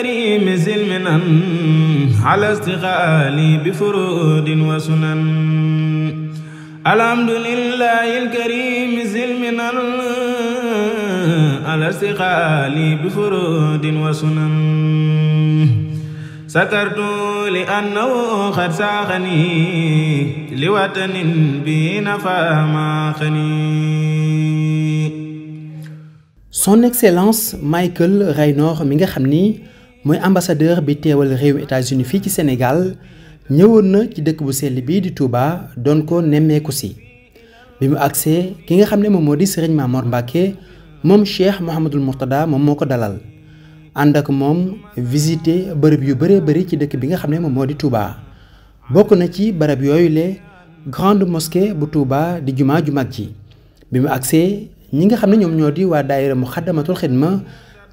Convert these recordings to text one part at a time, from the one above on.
كريم زل منن على استغالي بفروض وسنن الحمد لله الكريم زل منن على استغالي بفروض وسنن سكرت لأنه قد ساخني لوطن به نفى ما خني Son Excellence Michael Raynor mi nga xam ni mooy ambassadeur bi teewal réewu États-Unis fii ci Sénégal ñëwoon na ci dëkk bu sell bii di Touba doon ko nemmeeku si bi mu agsee ki nga xam ne moom moo di sëriñ Mamour Mbacke moom Cheikh Mouhamadul Mourtada moom moo ko dalal ànd ak moom visité bërëb yu bëree bëri ci dëkk bi nga xam ne moom moo di Touba bokk na ci barab yooyu le grande mosquée bu Touba di jumaa ju mag ji bi mu agsee ñi nga xam ne ñoom ñoo di waa daayira mu xaddamatul xidma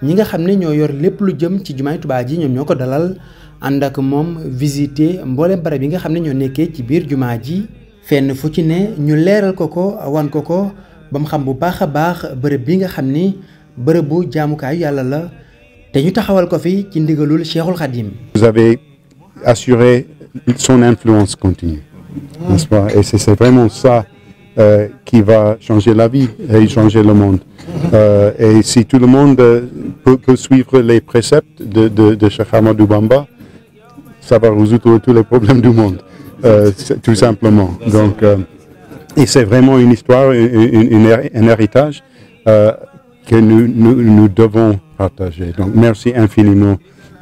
ñi nga xam ne ñoo yor lépp lu jëm ci jumaay Tuubaa ji ñoom ñoo ko dalal ànd ak moom visiter mboolem barab yi nga xam ne ñoo nekkee ci biir jumaa ji fenn fu ci ne ñu leeral ko ko wan ko ko ba mu xam bu baax a baax bërëb bi nga xam ni bërëbu jaamukaayu yàlla la te ñu taxawal ko fi ci ndigalul Cheikhul Khadim. Vous avez assuré son influence continue, n'est-ce vraiment ça. euh, qui va changer la vie et changer le monde. Euh, et si tout le monde euh, peut, peut suivre les préceptes de, de, de Cheikh Ahmadou Bamba, ça va résoudre tous les problèmes du monde, euh, tout simplement. Donc, euh, et c'est vraiment une histoire, un héritage que nous, nous, nous, devons partager. Donc, merci infiniment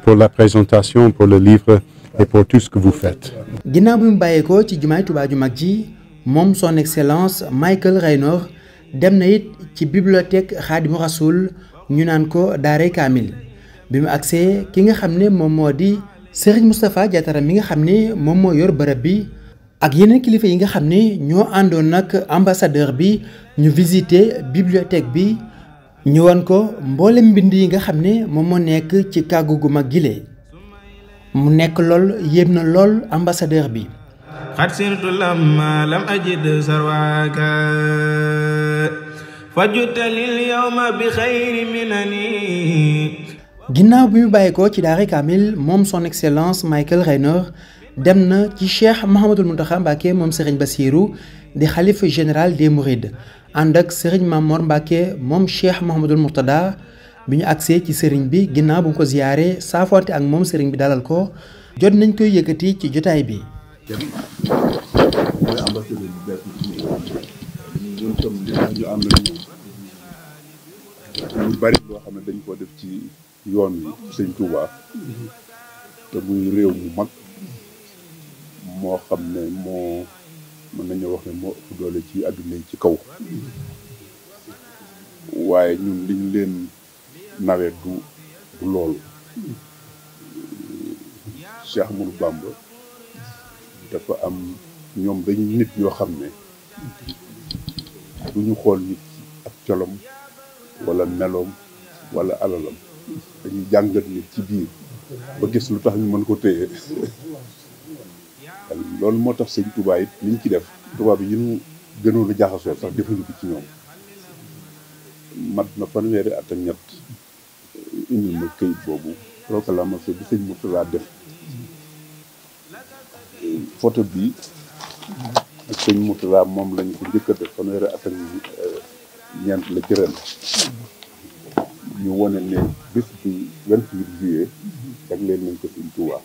pour la présentation, pour le livre et pour tout ce que vous faites. ginnaaw bi mu bàyyeekoo ci jumaay Tuubaa ju mag ji moom son excellence Michael Raynor dem na it ci bibliothèque Xaadimu Rasul ñu naan ko Daaray Kaamil bi mu agsee ki nga xam ne moom moo di Serigne Moustapha Diatara mi nga xam ne moom moo yor bërëb bi ak yeneen kilifa yi nga xam ne ñoo àndoon nag ambassadeur bi ñu visiter bibliothèque bi ñu wan ko mboolem mbind yi nga xam ne moom moo nekk ci kàggu gu mag gile mu nekk lool yéem na lool ambassadeur bi. قد سرت لما لم أجد سرواك فجدت لليوم بخير منني ginnaaw bi mu bàyyi ko ci daari kaamil moom son excellence Michael Raynor dem na ci cheikh Mouhamadul Mountakha Mbacké moom Serigne Bassirou di xalifa général des Mourides ànd ak Serigne Mamor Mbacké moom cheikh Mouhamadul Mourtada bi ñu agsee ci Serigne bi ginnaaw bu mu ko ziyaare saafoonte ak moom Serigne bi dalal ko jot nañ koy yëkkati ci jotaay bi. dem mooy ambassadeur bu bees bi bari loo xam ne dañ ko def ci yoon wi sëñ Touba te réew mu mag moo xam ne moo mën nañoo wax ne moo ëpp doole ci àdduna yi ci kaw waaye ñun liñ leen nawee du du loolu Cheikh Mourou Bamba dafa am ñoom dañ nit ñoo xam ne bu ñu xool nit ak colom walla meloom wala alalam dañuy jàngat nit ci biir ba gis lu tax ñu mën ko téye loolu moo tax sëñ Tuubaa it liñ def tubaab yi ñu gënoon a jaaxasoo sax defuñu ko ci ñoom mat na fanweeri at ak ñett indil ma këyit boobu proclamation bi sëñ Murtala def photo bi ak sëñ Moutala moom lañ ko njëkk a def fanweeri at ak euh, ñeent la jërën ñu wone ne bés bi 28 juillet rek leen nañ ko suñ Tuubaa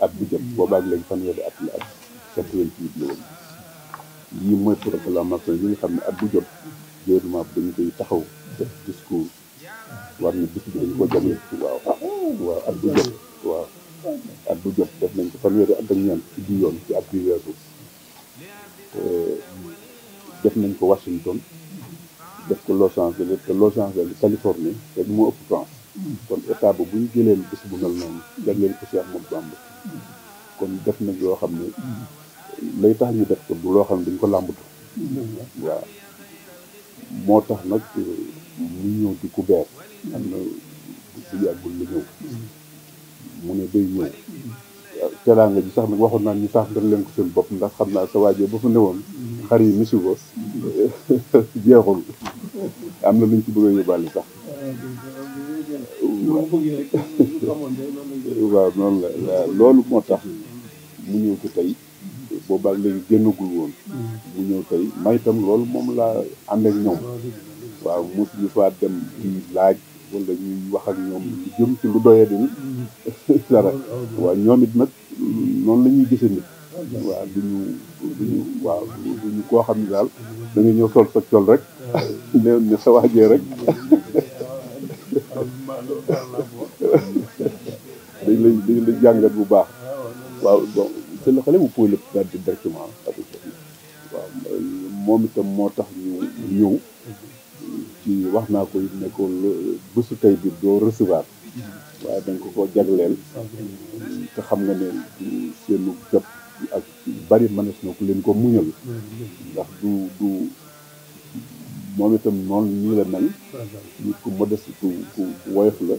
at bu jëm boobaag léegi fanweeri at la ak 88 la woon yii mooy proclamation yi nga xam ne at bu jot gouvernement bi dañu koy taxaw def discours war ñu bis bi ko jagleel waaw waaw at bu jot waaw at bu jot def nañ ko fanweeri at ak ñeent ci at bi def nañ ko Washington def ko loo Angeles te loo Angeles Californie te du moo ëpp France kon état bu buñ jëleen bis bu mel noonu jagleel ko Cheikh Ahmadou Bamba kon def nañ loo xam ne lay tax ñu def ko du loo xam ne dañ ko làmbatu waaw moo tax nag ñu euh, ñëw di ku beer am na bu yàggul la mu ne day ñëw teraanga ji sax nag waxoon naa ñu sax leen ko seen bopp ndax xam naa sa waajee ba fa newoon xar yi misi ko jeexul am na luñ ci bëgg a yóbbaale sax waaw noonu loolu moo tax mu ñëw ko tey boobaak léegi génnagul woon mm-hmm. mu ñëw tey may itam loolu moom laa ànd ak ñoom waaw mosuñu faa dem di laaj wala ñuy wax ak ñoom lu jëm ci lu doyee dini mm-hmm. dara oh, oh, oh. waaw ñoom it nag noonu la ñuy nit waaw duñu duñu koo xam ne daal da nga ñëw sol sa col rek ne ne sa waajee rek dañ lay dañ jàngat bu baax seen xale vous pouvez le perdre directement avec waaw moom itam moo tax ñu ñëw ci wax naa ko it ne ko bésu tey bi doo recevoir waaye dañ ko ko jagleel te xam nga ne seen jot ak bari mënees na ku leen ko muñal ndax du du moom itam noonu nii la mel nit ku modeste ku ku woyof la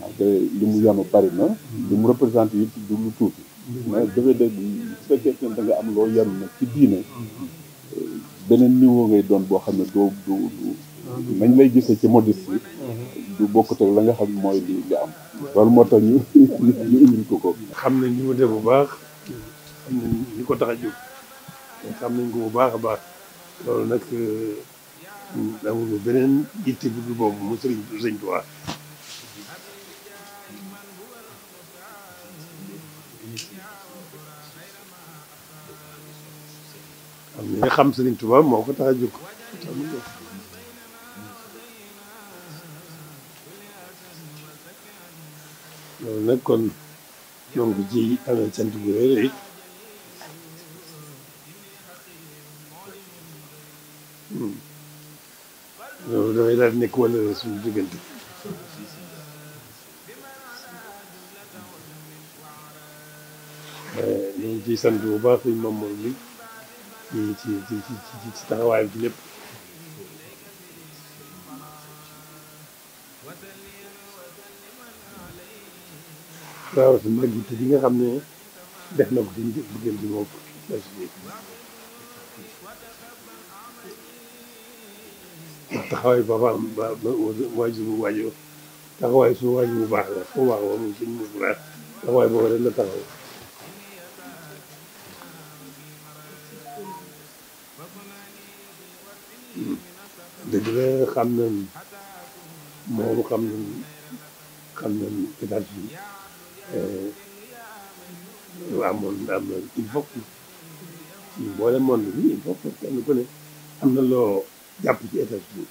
waaw te li mu yanu bari na li mu représenté yi du lu tuuti waaw dafay dégg su fekkee ne da nga am loo yaru nag ci diine beneen niveau ngay doon boo xam ne doo du du nañ lay gisee ci modiste yi mm-hmm. du bokk ak la nga xam mooy li nga am loolu moo tax ñu ñu indil ko ko xam nañ li mu def bu baax a jóg xam nañ ko bu baax a baax loolu nag euh, amul beneen itti bu dul boobu mu sëriñ sëñ Tuubaa li nga xam Serigne Touba moo ko tax a jóg loolu nag kon ji amee cant bu rëy loolu dafay daal nekk wala suñu eh, ngi ciy sant bu baax mi ci ci ci ci ci taxawaay bi ci lépp. waaw su mag it bi nga xam ne def na ko ci bëggeel bi moom ndax taxawaay bi ba ba ba waajur bu waajur taxawaay su waajur bu baax la foo baax moom suñu bu baax taxawaay boobu rek la taxaw. dëgg la xam nañ moom xam nañ xam nañ États-Unis eh, amoon am na il faut que ñu boole monde bi il faut que kenn ku am na loo jàpp ci États-Unis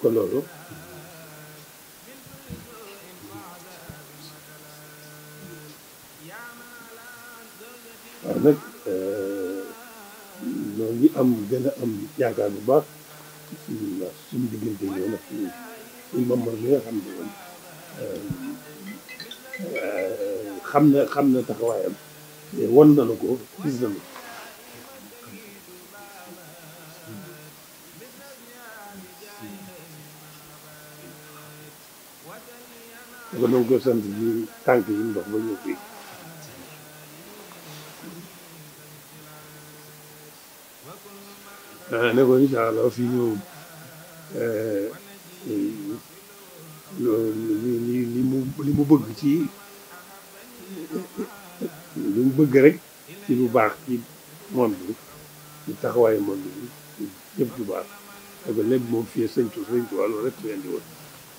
ko loolu ñoo ngi am gën a am yaakaar bu baax suñu suñu diggante yow nag suñu suñu membre bi nga xam ne moom euh, xam na xam na taxawaayam te won na ko gis na la. kon sant bi tànk yi ndox ba ñëw fii. daanaka eh, ne ko incha allah fii moom li li mu bëgg ci li mu bëgg rek ci lu baax ci monde bi ci taxawaayu monde bi ci jëf baax da ko lépp moom fi sëñ tu sëñ tu wàllu rek fi indi woon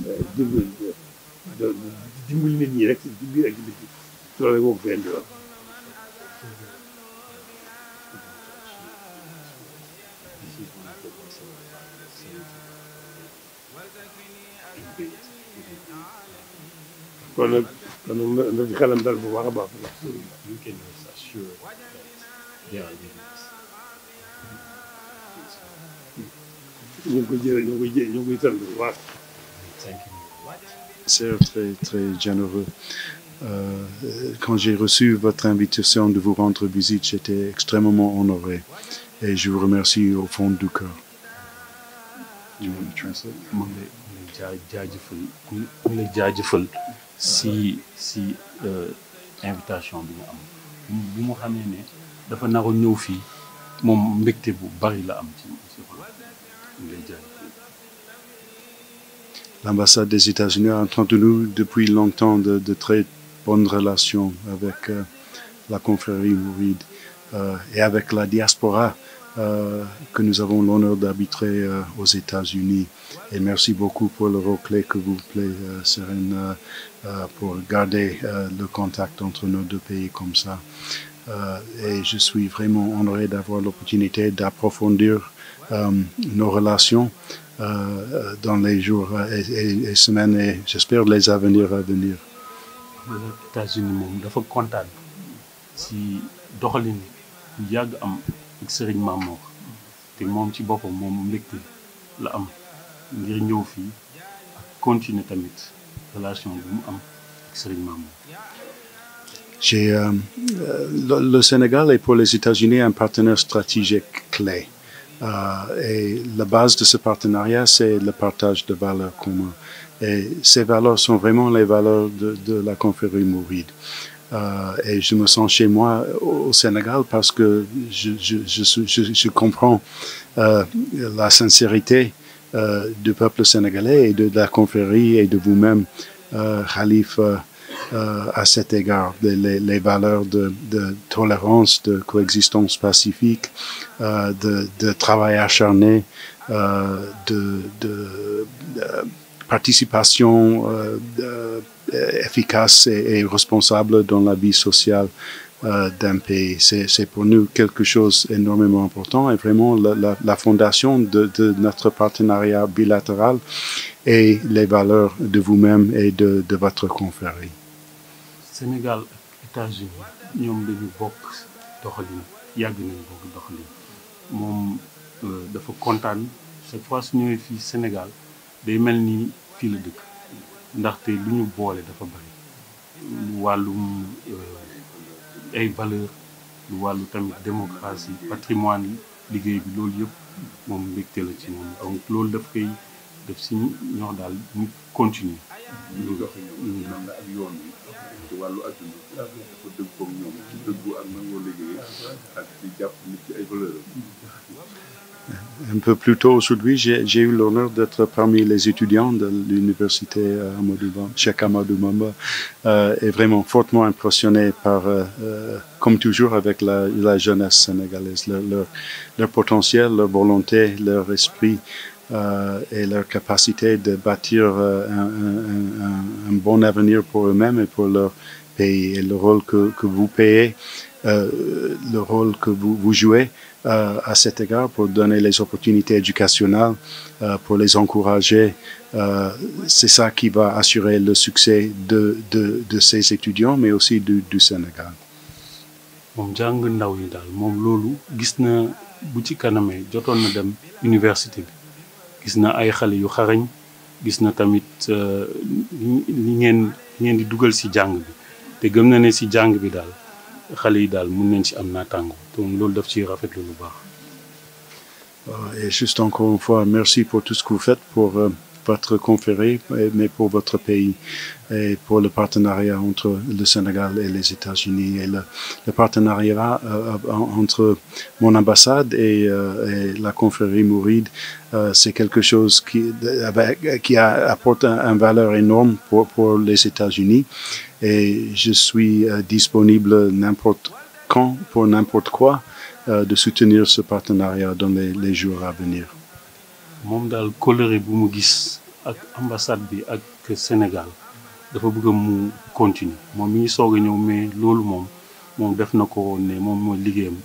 eh, dimbali nit ñi rek ci biir ak ci bitti loolu rek moom fi kon bu baax a baax. ñu ñu ngi koy jë ñu ngi koy sant bu baax. C'est très généreux. Euh, quand j'ai reçu votre invitation de vous rendre visite, j'étais extrêmement honoré et je vous remercie au fond du cœur. you want jaajëfal mu ngi lay mu xamee ne dafa naroon ñëw fii moom mbégte bu bari la am ci si xol mu ngi lay jaajëfal. L'ambassade des États-Unis a entretenu depuis longtemps de, de très bonnes relations avec euh, la confrérie mouride euh, et avec la diaspora. Euh, que nous avons l'honneur d'arbitrer euh, aux États-Unis. Et merci beaucoup pour le rôle-clé que vous plaît, euh, Serena, pour garder le contact entre nos deux pays comme ça. et je suis vraiment honoré d'avoir l'opportunité d'approfondir nos relations dans les jours et, semaines j'espère les avenirs à venir. ak sëriñ Mamour ci boppam moom mbégte la ñëw fii ak tamit relation bi mu am euh, le, le Sénégal est pour les États-Unis un partenaire stratégique clé. Euh, et la base de ce partenariat, c'est le partage de valeurs communes. Et ces valeurs sont vraiment les valeurs de, la confrérie mouride. Euh, et je me sens chez moi au Sénégal parce que je, comprends euh, la sincérité euh, du peuple sénégalais et de, la confrérie et de vous-même, euh, Khalif, euh, à cet égard, les, les valeurs de, tolérance, de coexistence pacifique, de, travail acharné, de, participation. Eh, efficace et, responsable dans la vie sociale euh, d'un pays. C'est pour nous quelque chose d'énormément important et vraiment la, fondation de, de, notre partenariat bilatéral et les valeurs de vous-même et de, de votre confrérie. Sénégal ak états euh, kontaan chaque ndaxte lu ñu boole dafa bari lu wàllum euh, ay valeur lu wàllu tamit démocratie patrimoine liggéey bi loolu yëpp moom mbégte la ci moom donc loolu daf koy def si ñoo daal ñu continuer wàllu adduna dafa dëgg koog un peu plus tôt aujourd'hui, j'ai eu l'honneur d'être parmi les étudiants de l'université euh, Cheikh Amadou Bamba euh, et vraiment fortement impressionné par, euh, euh, comme toujours avec la, la jeunesse sénégalaise, leur, leur, leur, potentiel, leur volonté, leur esprit euh, et leur capacité de bâtir un, bon avenir pour eux-mêmes et pour leur pays et le rôle que, vous payez, le rôle que vous jouez. euh, à cet égard pour donner les opportunités éducationnelles, euh, pour les encourager. Euh, c'est ça qui va assurer le succès de, de, de étudiants, mais aussi du, du Sénégal. moom jàng ndaw yi daal moom loolu gis na bu ci kanamee jotoon na dem université gis na ay xale yu xarañ gis na tamit li euh, ngeen ngeen di dugal si jàng bi te gëm na ne ci jàng bi daal. xale yi daal mun nañ si am naataango donc loolu daf ci rafet lu baax. Ah, et juste encore fois merci pour tout ce que vous faites pour. Euh, votre conférée, eh, mais pour votre pays et eh, pour le partenariat entre le Sénégal et les États-Unis et le, le partenariat euh, euh entre mon ambassade et, euh, et la confrérie Mouride, euh, c'est quelque chose qui, qui apporte une valeur énorme pour, les États-Unis et je suis euh, disponible n'importe quand pour n'importe quoi euh, de soutenir ce partenariat dans les, jours à venir. ak ambassade bi ak Sénégal dafa bëgg mu continuer moom mi ngi soog a ñëw mais loolu moom moom def na ko ne moom moo liggéeyam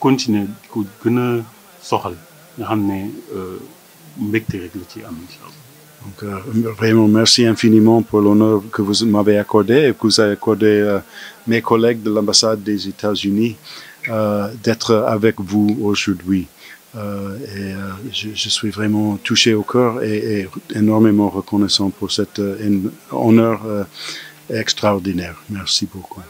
continuer di ko gën a soxal nga xam ne euh, mbégte rek la ci am incha allah Donc, euh, vraiment, merci infiniment pour l'honneur que vous m'avez accordé et que vous avez accordé euh, mes collègues de l'ambassade des États-Unis euh, d'être avec vous aujourd'hui. Euh, et euh, je, suis vraiment touché au cœur et, énormément reconnaissant pour cet euh, honneur euh, extraordinaire. Merci beaucoup.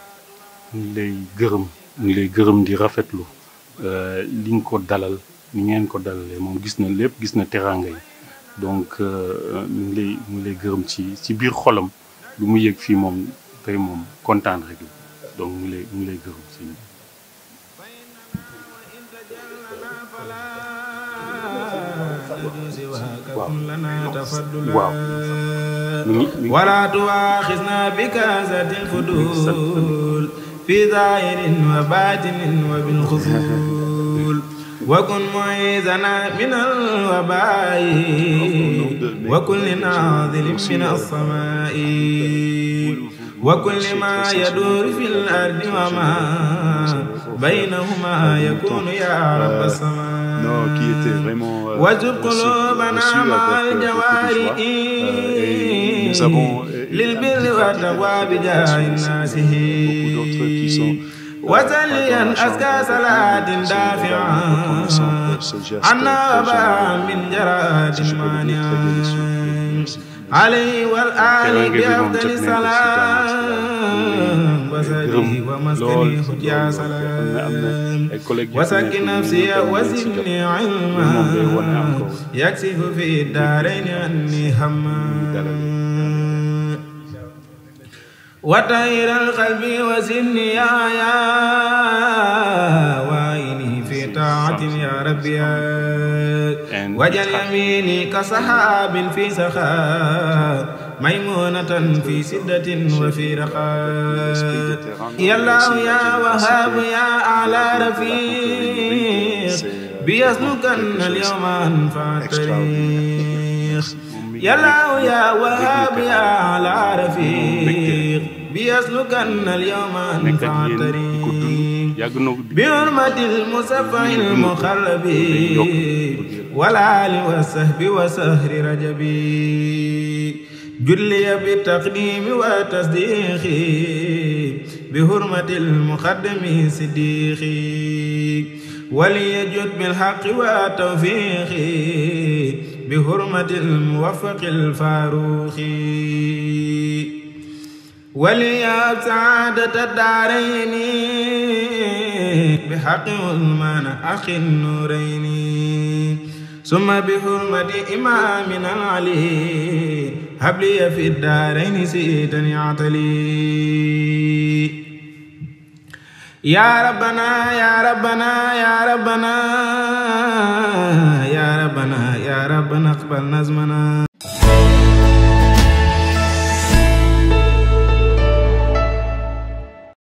ñu ngi lay gërëm ñu ngi lay gërëm di rafetlu euh, li nga ko dalal ni ngeen ko dalalee moom gis na lépp gis na teraanga donc euh, ñu ngi lay ñu ngi gërëm ci ci biir xolam lu mu yëg fii moom tey moom kontaan rek donc ñu ngi lay ñu waaw waaw mi ngi wala tuwaaxisna bi kaasatin fudul fi zaahirin wa baatinin wa bil xusuul wa kun muizana min al wabaayi wa kulli naazilin min as-samaa'i wa kulli maa yaduuru fil ardi wa maa baynahuma yakuunu yaa rabbi as-samaa'i non, qui était vraiment euh, reçu, euh, reçu avec euh, beaucoup de joie. Euh, et nous avons eu beaucoup d'autres qui sont وزليا أزكى صلاة دافعة عنا وباء من جراد مانع عليه والآل بأفضل صلاة بصري ومسكني هديا سلام وسكن نفسي وزدني علما يكشف في الدارين عني هما وطير القلب وزني يا يا وعيني في طاعة يا ربي وجل يميني كصحاب في سخاء ميمونة في سدة وفي رخاء يا الله يا وهاب يا أعلى رفيق بيسلكن اليوم أنفع الطريق يا الله يا وهاب يا أعلى رفيق بيسلكن اليوم أنفع الطريق بحرمة المصفى المخلب والآل والسهب وسهر رجبي julli bi taqdimi wa tasdiqi bi hurmatil muqaddami siddiqi waliyajud bil haqqi wa tawfiqi bi hurmatil muwaffaqil faruqi waliya saadata daarayni bi haqqi ulmana akhin nurayni summa bi hurmati imaamina al-ali habliya fi daarayni siitani atali yaa rabbana yaa rabbana yaa rabbana yaa rabbana yaa rabbana aqbal nazmana